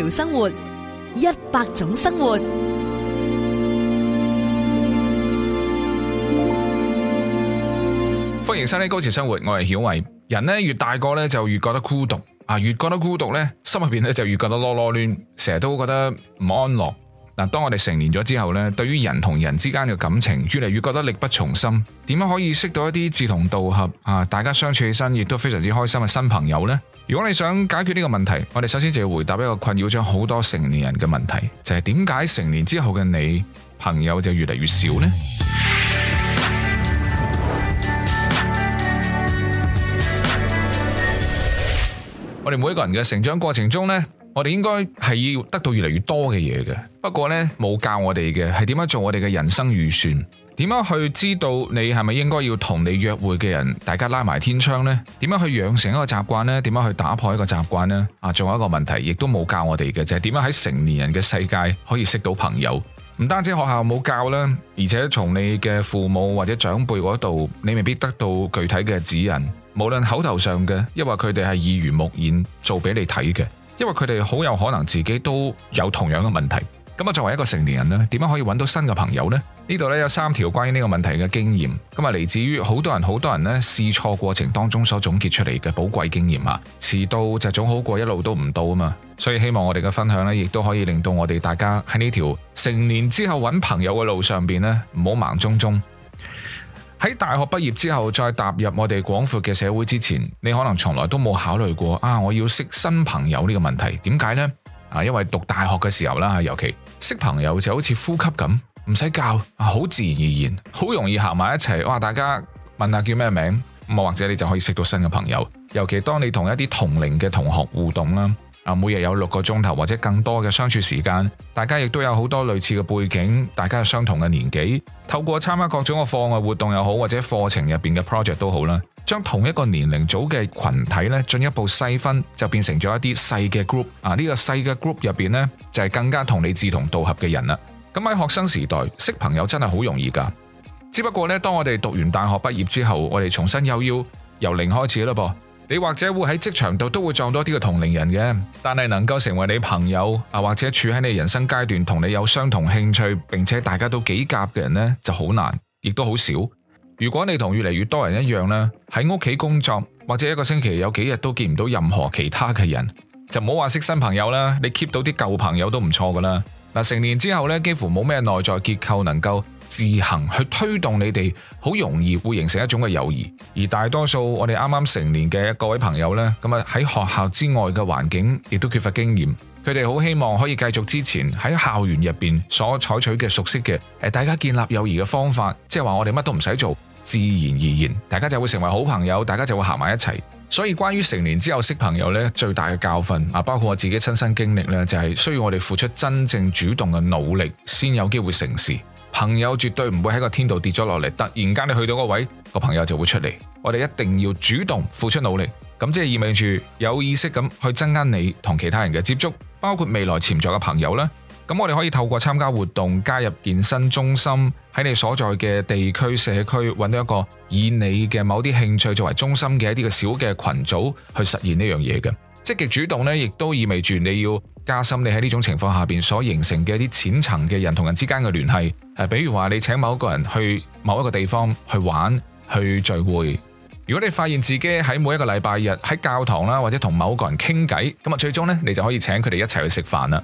條生活，一百種生活。歡迎收聽高詞生活，我係曉慧。人咧越大個咧，就越覺得孤獨啊！越覺得孤獨咧，心入邊咧就越覺得囉囉攣，成日都覺得唔安樂。嗱、啊，當我哋成年咗之後咧，對於人同人之間嘅感情，越嚟越覺得力不從心。點樣可以識到一啲志同道合啊，大家相處起身亦都非常之開心嘅新朋友呢？如果你想解決呢個問題，我哋首先就要回答一個困擾咗好多成年人嘅問題，就係點解成年之後嘅你朋友就越嚟越少呢？ 我哋每個人嘅成長過程中呢，我哋應該係要得到越嚟越多嘅嘢嘅。不過呢，冇教我哋嘅係點樣做我哋嘅人生預算。點樣去知道你係咪應該要同你約會嘅人，大家拉埋天窗呢？點樣去養成一個習慣呢？點樣去打破一個習慣呢？啊，仲有一個問題，亦都冇教我哋嘅，就係點樣喺成年人嘅世界可以識到朋友？唔單止學校冇教啦，而且從你嘅父母或者長輩嗰度，你未必得到具體嘅指引，無論口頭上嘅，因為佢哋係耳濡目染做俾你睇嘅，因為佢哋好有可能自己都有同樣嘅問題。咁啊，作為一個成年人呢，點樣可以揾到新嘅朋友呢？呢度呢，有三條關於呢個問題嘅經驗，咁啊嚟自於好多人好多人呢試錯過程當中所總結出嚟嘅寶貴經驗啊！遲到就總好過一路都唔到啊嘛，所以希望我哋嘅分享呢，亦都可以令到我哋大家喺呢條成年之後揾朋友嘅路上邊呢，唔好盲中中。喺大學畢業之後，再踏入我哋廣闊嘅社會之前，你可能從來都冇考慮過啊！我要識新朋友呢個問題，點解呢？啊，因為讀大學嘅時候啦，尤其識朋友就好似呼吸咁，唔使教，好自然而然，好容易行埋一齊。哇！大家問下叫咩名，咁或者你就可以識到新嘅朋友。尤其當你同一啲同齡嘅同學互動啦，啊，每日有六個鐘頭或者更多嘅相處時間，大家亦都有好多類似嘅背景，大家有相同嘅年紀，透過參加各種嘅課外活動又好，或者課程入邊嘅 project 都好啦。將同一個年齡組嘅群體咧，進一步細分，就變成咗一啲細嘅 group。啊，呢個細嘅 group 入邊呢，就係更加同你志同道合嘅人啦。咁喺學生時代識朋友真係好容易噶，只不過呢，當我哋讀完大學畢業之後，我哋重新又要由零開始啦噃。你或者會喺職場度都會撞到啲嘅同齡人嘅，但係能夠成為你朋友啊，或者處喺你人生階段同你有相同興趣，並且大家都幾夾嘅人呢，就好難，亦都好少。如果你同越嚟越多人一樣啦，喺屋企工作或者一個星期有幾日都見唔到任何其他嘅人，就唔好話識新朋友啦，你 keep 到啲舊朋友都唔錯㗎啦。嗱，成年之後咧，幾乎冇咩內在結構能夠自行去推動你哋，好容易會形成一種嘅友誼。而大多數我哋啱啱成年嘅各位朋友咧，咁啊喺學校之外嘅環境亦都缺乏經驗，佢哋好希望可以繼續之前喺校園入邊所採取嘅熟悉嘅誒，大家建立友誼嘅方法，即係話我哋乜都唔使做。自然而然，大家就會成為好朋友，大家就會行埋一齊。所以關於成年之後識朋友咧，最大嘅教訓啊，包括我自己親身經歷咧，就係需要我哋付出真正主動嘅努力，先有機會成事。朋友絕對唔會喺個天度跌咗落嚟，突然間你去到嗰位個朋友就會出嚟。我哋一定要主動付出努力，咁即係意味住有意識咁去增加你同其他人嘅接觸，包括未來潛在嘅朋友啦。咁我哋可以透過參加活動，加入健身中心，喺你所在嘅地區社區揾到一個以你嘅某啲興趣作為中心嘅一啲嘅小嘅群組去實現呢樣嘢嘅。積極主動呢，亦都意味住你要加深你喺呢種情況下邊所形成嘅一啲淺層嘅人同人之間嘅聯繫。誒，比如話你請某個人去某一個地方去玩去聚會。如果你發現自己喺每一個禮拜日喺教堂啦，或者同某個人傾偈，咁啊，最終呢，你就可以請佢哋一齊去食飯啦。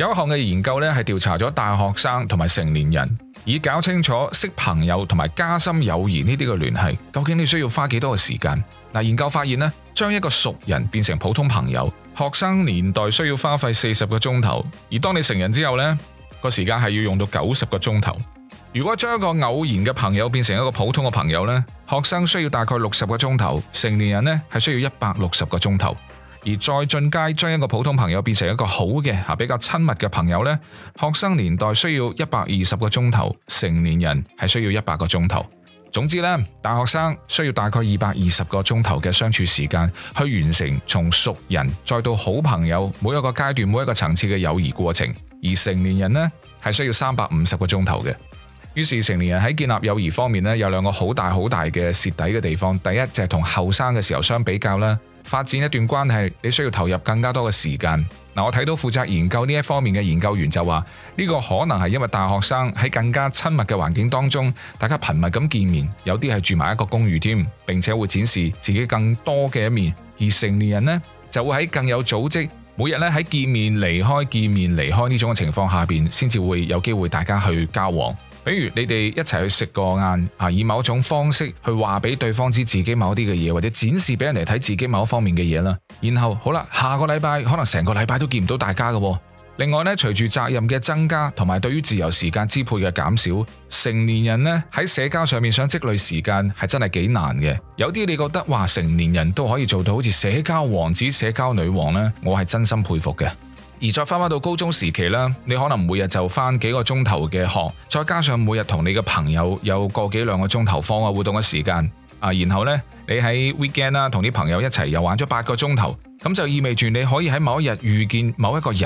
有一項嘅研究咧，係調查咗大學生同埋成年人，以搞清楚識朋友同埋加深友誼呢啲嘅聯繫，究竟你需要花幾多嘅時間？嗱，研究發現咧，將一個熟人變成普通朋友，學生年代需要花費四十個鐘頭，而當你成人之後呢，個時間係要用到九十個鐘頭。如果將一個偶然嘅朋友變成一個普通嘅朋友呢，學生需要大概六十個鐘頭，成年人呢係需要一百六十個鐘頭。而再進階，將一個普通朋友變成一個好嘅啊，比較親密嘅朋友。呢學生年代需要一百二十個鐘頭，成年人係需要一百個鐘頭。總之呢，大學生需要大概二百二十個鐘頭嘅相處時間去完成從熟人再到好朋友，每一個階段，每一個層次嘅友誼過程，而成年人呢，係需要三百五十個鐘頭嘅。於是，成年人喺建立友誼方面呢，有兩個好大好大嘅蝕底嘅地方。第一就係同後生嘅時候相比較啦。發展一段關係，你需要投入更加多嘅時間。嗱，我睇到負責研究呢一方面嘅研究員就話，呢個可能係因為大學生喺更加親密嘅環境當中，大家頻密咁見面，有啲係住埋一個公寓添，並且會展示自己更多嘅一面。而成年人呢，就會喺更有組織，每日咧喺見面離開見面離開呢種嘅情況下邊，先至會有機會大家去交往。比如你哋一齊去食個晏，啊，以某種方式去話俾對方知自己某啲嘅嘢，或者展示俾人哋睇自己某一方面嘅嘢啦。然後好啦，下個禮拜可能成個禮拜都見唔到大家㗎喎。另外呢，隨住責任嘅增加同埋對於自由時間支配嘅減少，成年人呢喺社交上面想積累時間係真係幾難嘅。有啲你覺得哇，成年人都可以做到好似社交王子、社交女王呢，我係真心佩服嘅。而再返返到高中時期啦，你可能每日就返幾個鐘頭嘅學，再加上每日同你嘅朋友有個幾兩個鐘頭課外活動嘅時間，啊，然後呢，你喺 weekend 啦，同啲朋友一齊又玩咗八個鐘頭，咁就意味住你可以喺某一日遇見某一個人，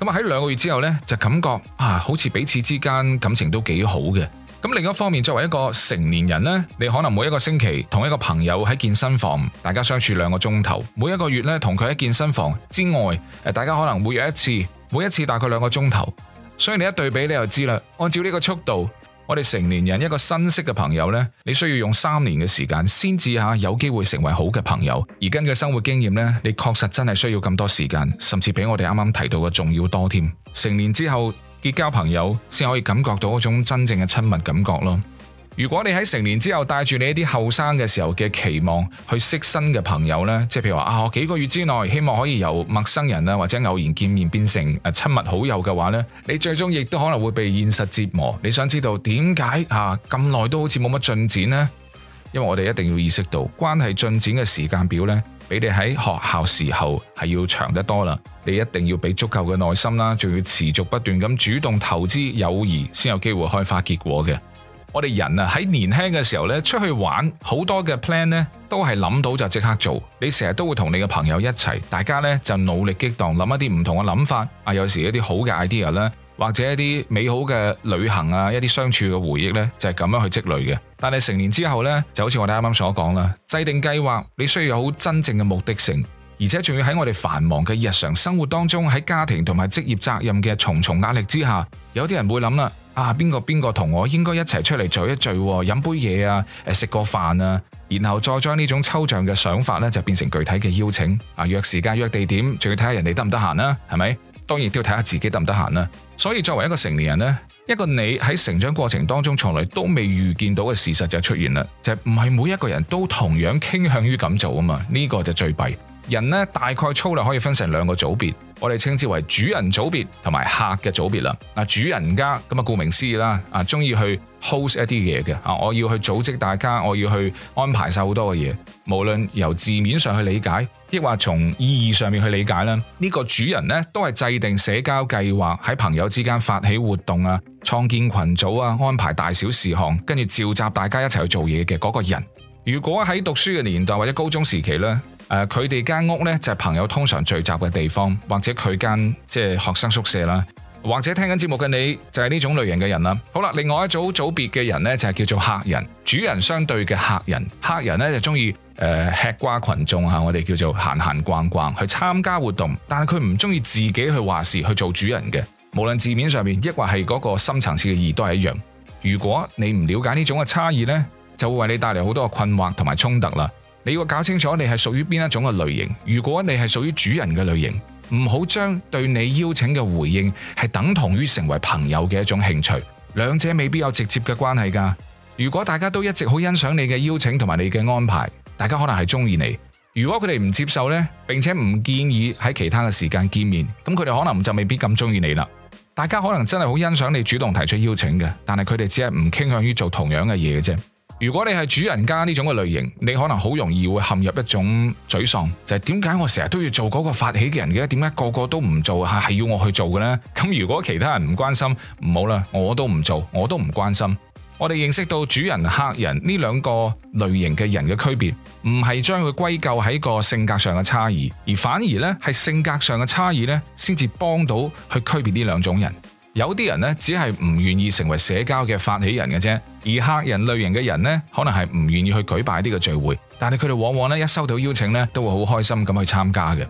咁啊喺兩個月之後呢，就感覺啊好似彼此之間感情都幾好嘅。咁另一方面，作為一個成年人呢，你可能每一個星期同一個朋友喺健身房，大家相處兩個鐘頭；每一個月呢，同佢喺健身房之外，大家可能每有一次，每一次大概兩個鐘頭。所以你一對比，你就知啦。按照呢個速度，我哋成年人一個新識嘅朋友呢，你需要用三年嘅時間先至吓有機會成為好嘅朋友。而根據生活經驗呢，你確實真係需要咁多時間，甚至比我哋啱啱提到嘅仲要多添。成年之後，結交朋友先可以感覺到嗰種真正嘅親密感覺咯。如果你喺成年之後帶住你一啲後生嘅時候嘅期望去識新嘅朋友呢，即係譬如話啊，我幾個月之內希望可以由陌生人啊或者偶然見面變成誒親密好友嘅話呢，你最終亦都可能會被現實折磨。你想知道點解啊？咁耐都好似冇乜進展呢？因為我哋一定要意識到關係進展嘅時間表呢，俾你喺學校時候係要長得多啦，你一定要俾足夠嘅耐心啦，仲要持續不斷咁主動投資友誼，先有機會開花結果嘅。 我哋人啊喺年輕嘅時候呢，出去玩好多嘅 plan 呢，都係諗到就即刻做。你成日都會同你嘅朋友一齊，大家呢就努力激盪，諗一啲唔同嘅諗法啊，有時一啲好嘅 idea 咧。或者一啲美好嘅旅行啊，一啲相處嘅回憶呢，就係咁樣去積累嘅。但係成年之後呢，就好似我哋啱啱所講啦，制定計劃你需要有好真正嘅目的性，而且仲要喺我哋繁忙嘅日常生活當中，喺家庭同埋職業責任嘅重重壓力之下，有啲人會諗啦，啊邊個邊個同我應該一齊出嚟聚一聚，飲杯嘢啊，誒食個飯啊，然後再將呢種抽象嘅想法呢，就變成具體嘅邀請，啊約時間約地點，仲要睇下人哋得唔得閒啦，係咪？當然都要睇下自己得唔得閒啦，所以作為一個成年人咧，一個你喺成長過程當中從來都未預見到嘅事實就出現啦，就係唔係每一個人都同樣傾向於咁做啊嘛，呢個就最弊。人呢，大概粗略可以分成兩個組別，我哋稱之為主人組別同埋客嘅組別啦。啊，主人家咁啊，顧名思義啦，啊，中意去 host 一啲嘢嘅啊，我要去組織大家，我要去安排晒好多嘅嘢，無論由字面上去理解，亦或從意義上面去理解啦。呢、呢個主人呢，都係制定社交計劃，喺朋友之間發起活動啊，創建群組啊，安排大小事項，跟住召集大家一齊去做嘢嘅嗰個人。如果喺讀書嘅年代或者高中時期呢。誒，佢哋間屋呢，就係朋友通常聚集嘅地方，或者佢間即係學生宿舍啦，或者聽緊節目嘅你就係呢種類型嘅人啦。好啦，另外一組組別嘅人呢，就係叫做客人，主人相對嘅客人。客人呢就中意誒吃瓜群眾吓，我哋叫做閒閒逛逛去參加活動，但係佢唔中意自己去話事去做主人嘅。無論字面上面，抑或係嗰個深層次嘅意義都係一樣。如果你唔了解呢種嘅差異呢，就會為你帶嚟好多嘅困惑同埋衝突啦。你要搞清楚你係屬於邊一種嘅類型。如果你係屬於主人嘅類型，唔好將對你邀請嘅回應係等同於成為朋友嘅一種興趣，兩者未必有直接嘅關係噶。如果大家都一直好欣賞你嘅邀請同埋你嘅安排，大家可能係中意你。如果佢哋唔接受呢，並且唔建議喺其他嘅時間見面，咁佢哋可能就未必咁中意你啦。大家可能真係好欣賞你主動提出邀請嘅，但係佢哋只係唔傾向於做同樣嘅嘢嘅啫。如果你係主人家呢種嘅類型，你可能好容易會陷入一種沮喪，就係點解我成日都要做嗰個發起嘅人嘅？點解個個都唔做嚇，係要我去做嘅呢？咁如果其他人唔關心，唔好啦，我都唔做，我都唔關心。我哋認識到主人、客人呢兩個類型嘅人嘅區別，唔係將佢歸咎喺個性格上嘅差異，而反而呢係性格上嘅差異，呢先至幫到去區別呢兩種人。有啲人咧，只係唔願意成為社交嘅發起人嘅啫；而客人類型嘅人咧，可能係唔願意去舉辦呢個聚會，但係佢哋往往咧一收到邀請咧，都會好開心咁去參加嘅。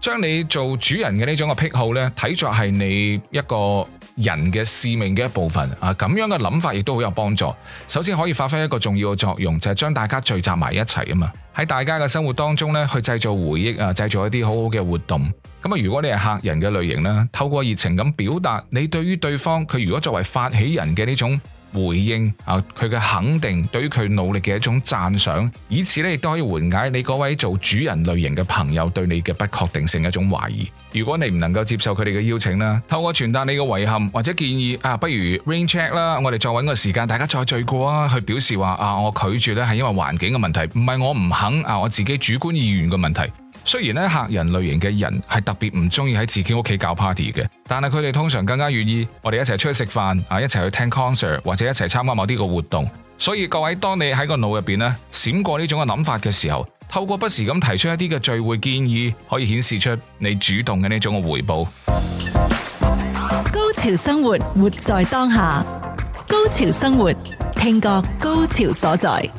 將你做主人嘅呢種癖好呢，睇作係你一個人嘅使命嘅一部分啊，咁樣嘅諗法亦都好有幫助。首先可以發揮一個重要嘅作用，就係將大家聚集埋一齊啊嘛。喺大家嘅生活當中咧，去製造回憶啊，製造一啲好好嘅活動。咁啊，如果你係客人嘅類型啦，透過熱情咁表達你對於對方，佢如果作為發起人嘅呢種。回應啊，佢嘅肯定對於佢努力嘅一種讚賞，以此咧亦都可以緩解你嗰位做主人類型嘅朋友對你嘅不確定性嘅一種懷疑。如果你唔能夠接受佢哋嘅邀請啦，透過傳達你嘅遺憾或者建議啊，不如 rain check 啦，我哋再揾個時間大家再聚過啊，去表示話啊，我拒絕咧係因為環境嘅問題，唔係我唔肯啊，我自己主觀意願嘅問題。雖然咧，客人類型嘅人係特別唔中意喺自己屋企搞 party 嘅，但係佢哋通常更加願意我哋一齊出去食飯啊，一齊去聽 concert 或者一齊參加某啲個活動。所以各位，當你喺個腦入邊咧閃過呢種嘅諗法嘅時候，透過不時咁提出一啲嘅聚會建議，可以顯示出你主動嘅呢種嘅回報。高潮生活，活在當下。高潮生活，聽覺高潮所在。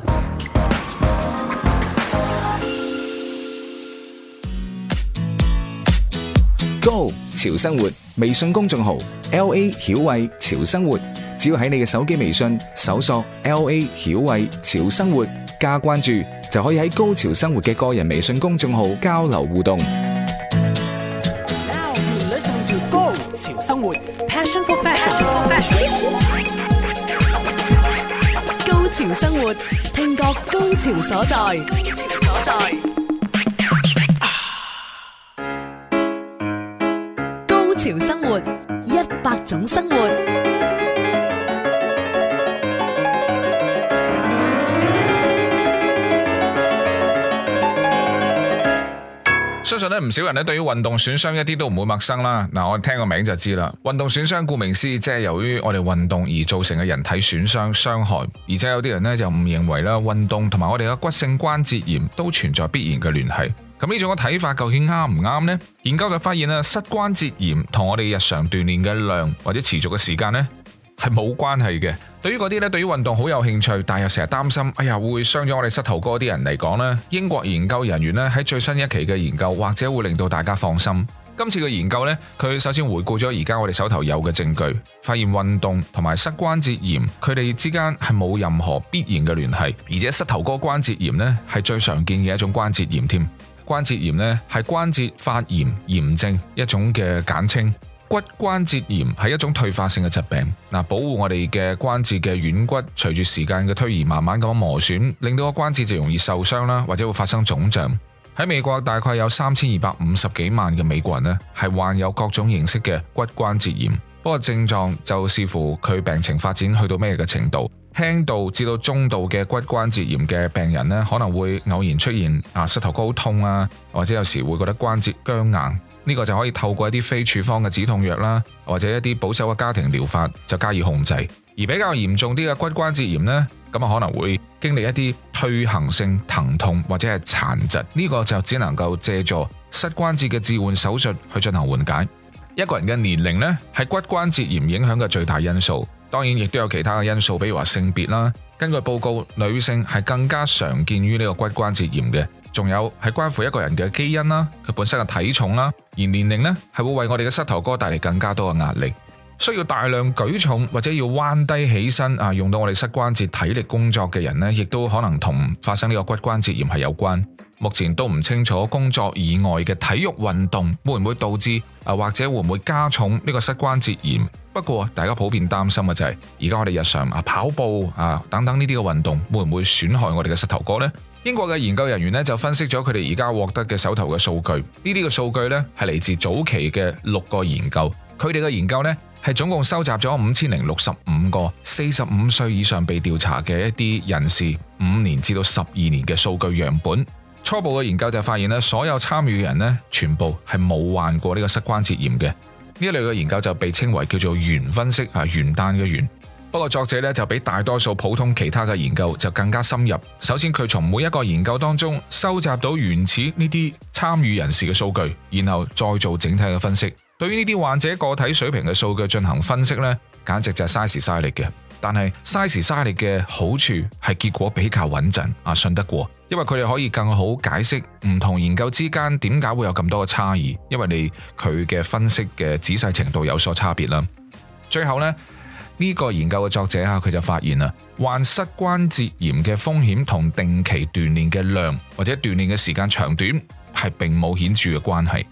高潮生活微信公眾號，L A 曉慧潮生活，只要喺你嘅手機微信搜索 L A 曉慧潮生活加關注，就可以喺高潮生活嘅個人微信公眾號交流互動。高潮生活 Passion for fashion 高潮生活，聽覺高潮所在。高潮一百種生活，相信咧唔少人咧對於運動損傷一啲都唔會陌生啦。嗱，我聽個名就知啦，運動損傷顧名思義，即係由於我哋運動而造成嘅人體損傷傷害。而且有啲人咧就誤認為啦，運動同埋我哋嘅骨性關節炎都存在必然嘅聯繫。咁呢種嘅睇法究竟啱唔啱呢？研究就發現啦，膝關節炎同我哋日常鍛煉嘅量或者持續嘅時間呢，係冇關係嘅。對於嗰啲咧，對於運動好有興趣，但又成日擔心，哎呀會傷咗我哋膝頭哥啲人嚟講咧，英國研究人員咧喺最新一期嘅研究或者會令到大家放心。今次嘅研究呢，佢首先回顧咗而家我哋手頭有嘅證據，發現運動同埋膝關節炎佢哋之間係冇任何必然嘅聯繫，而且膝頭哥關節炎呢，係最常見嘅一種關節炎添。關節炎呢係關節發炎、炎症一種嘅簡稱。骨關節炎係一種退化性嘅疾病。嗱，保護我哋嘅關節嘅軟骨隨住時間嘅推移，慢慢咁磨損，令到個關節就容易受傷啦，或者會發生腫脹。喺美國大概有三千二百五十幾萬嘅美國人呢係患有各種形式嘅骨關節炎，不過症狀就視乎佢病情發展去到咩嘅程度。輕度至到中度嘅骨關節炎嘅病人咧，可能會偶然出現啊膝頭哥痛啊，或者有時會覺得關節僵硬，呢個就可以透過一啲非處方嘅止痛藥啦，或者一啲保守嘅家庭療法就加以控制。而比較嚴重啲嘅骨關節炎呢，咁啊可能會經歷一啲退行性疼痛或者係殘疾，呢個就只能夠借助膝關節嘅置換手術去進行緩解。一個人嘅年齡呢，係骨關節炎影響嘅最大因素。當然，亦都有其他嘅因素，比如話性別啦。根據報告，女性係更加常見於呢個骨關節炎嘅。仲有係關乎一個人嘅基因啦，佢本身嘅體重啦，而年齡呢，係會為我哋嘅膝頭哥帶嚟更加多嘅壓力。需要大量舉重或者要彎低起身啊，用到我哋膝關節體力工作嘅人呢，亦都可能同發生呢個骨關節炎係有關。目前都唔清楚工作以外嘅體育運動會唔會導致啊，或者會唔會加重呢個膝關節炎？不過大家普遍擔心嘅就係，而家我哋日常啊跑步啊等等呢啲嘅運動會唔會損害我哋嘅膝頭哥呢？英國嘅研究人員咧就分析咗佢哋而家獲得嘅手頭嘅數據，呢啲嘅數據咧係嚟自早期嘅六個研究，佢哋嘅研究咧係總共收集咗五千零六十五個四十五歲以上被調查嘅一啲人士五年至到十二年嘅數據樣本。初步嘅研究就發現咧，所有參與嘅人咧，全部係冇患過呢個膝關節炎嘅。呢類嘅研究就被稱為叫做元分析啊，元旦嘅元。不過作者咧就比大多數普通其他嘅研究就更加深入。首先佢從每一個研究當中收集到原始呢啲參與人士嘅數據，然後再做整體嘅分析。對於呢啲患者個體水平嘅數據進行分析呢，簡直就係嘥時嘥力嘅。但係，嘥時嘥力嘅好處係結果比較穩陣啊，信得過，因為佢哋可以更好解釋唔同研究之間點解會有咁多嘅差異，因為你佢嘅分析嘅仔細程度有所差別啦。最後呢，呢、這個研究嘅作者啊，佢就發現啦，患膝關節炎嘅風險同定期鍛煉嘅量或者鍛煉嘅時間長短係並冇顯著嘅關係。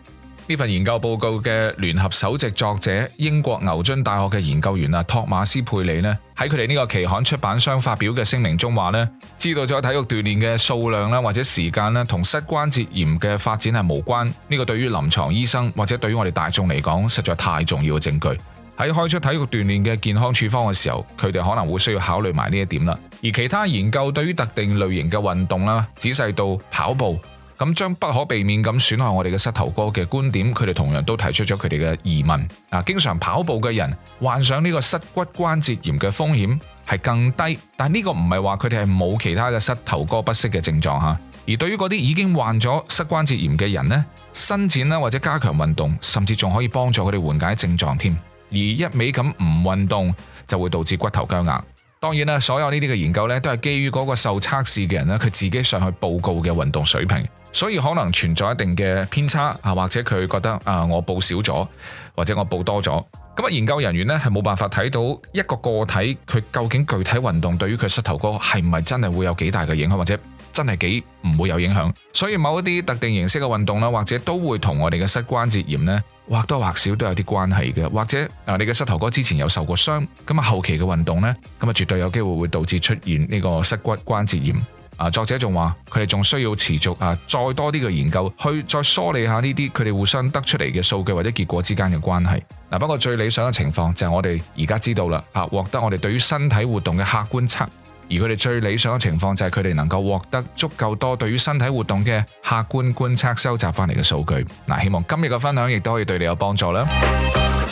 呢份研究報告嘅聯合首席作者、英國牛津大學嘅研究員啊，托馬斯佩里呢，喺佢哋呢個期刊出版商發表嘅聲明中話呢，知道咗體育鍛煉嘅數量啦或者時間啦同膝關節炎嘅發展係無關，呢、這個對於臨床醫生或者對於我哋大眾嚟講實在太重要嘅證據。喺開出體育鍛煉嘅健康處方嘅時候，佢哋可能會需要考慮埋呢一點啦。而其他研究對於特定類型嘅運動啦，仔細到跑步。咁將不可避免咁損害我哋嘅膝頭哥嘅觀點，佢哋同樣都提出咗佢哋嘅疑問。啊，經常跑步嘅人患上呢個膝骨關節炎嘅風險係更低，但呢個唔係話佢哋係冇其他嘅膝頭哥不適嘅症狀嚇。而對於嗰啲已經患咗膝關節炎嘅人呢，伸展啦或者加強運動，甚至仲可以幫助佢哋緩解症狀添。而一味咁唔運動就會導致骨頭僵硬。當然啦，所有呢啲嘅研究呢，都係基於嗰個受測試嘅人咧，佢自己上去報告嘅運動水平。所以可能存在一定嘅偏差啊，或者佢覺得啊、呃，我報少咗，或者我報多咗。咁啊，研究人員呢，係冇辦法睇到一個個體佢究竟具體運動對於佢膝頭哥係唔係真係會有幾大嘅影響，或者真係幾唔會有影響。所以某一啲特定形式嘅運動啦，或者都會同我哋嘅膝關節炎呢，或多或少都有啲關係嘅。或者啊，你嘅膝頭哥之前有受過傷，咁啊後期嘅運動呢，咁啊絕對有機會會導致出現呢個膝骨關節炎。啊！作者仲話佢哋仲需要持續啊，再多啲嘅研究去再梳理下呢啲佢哋互相得出嚟嘅數據或者結果之間嘅關係。嗱、啊，不過最理想嘅情況就係我哋而家知道啦，啊，獲得我哋對於身體活動嘅客觀測，而佢哋最理想嘅情況就係佢哋能夠獲得足夠多對於身體活動嘅客觀觀測收集翻嚟嘅數據。嗱、啊，希望今日嘅分享亦都可以對你有幫助啦。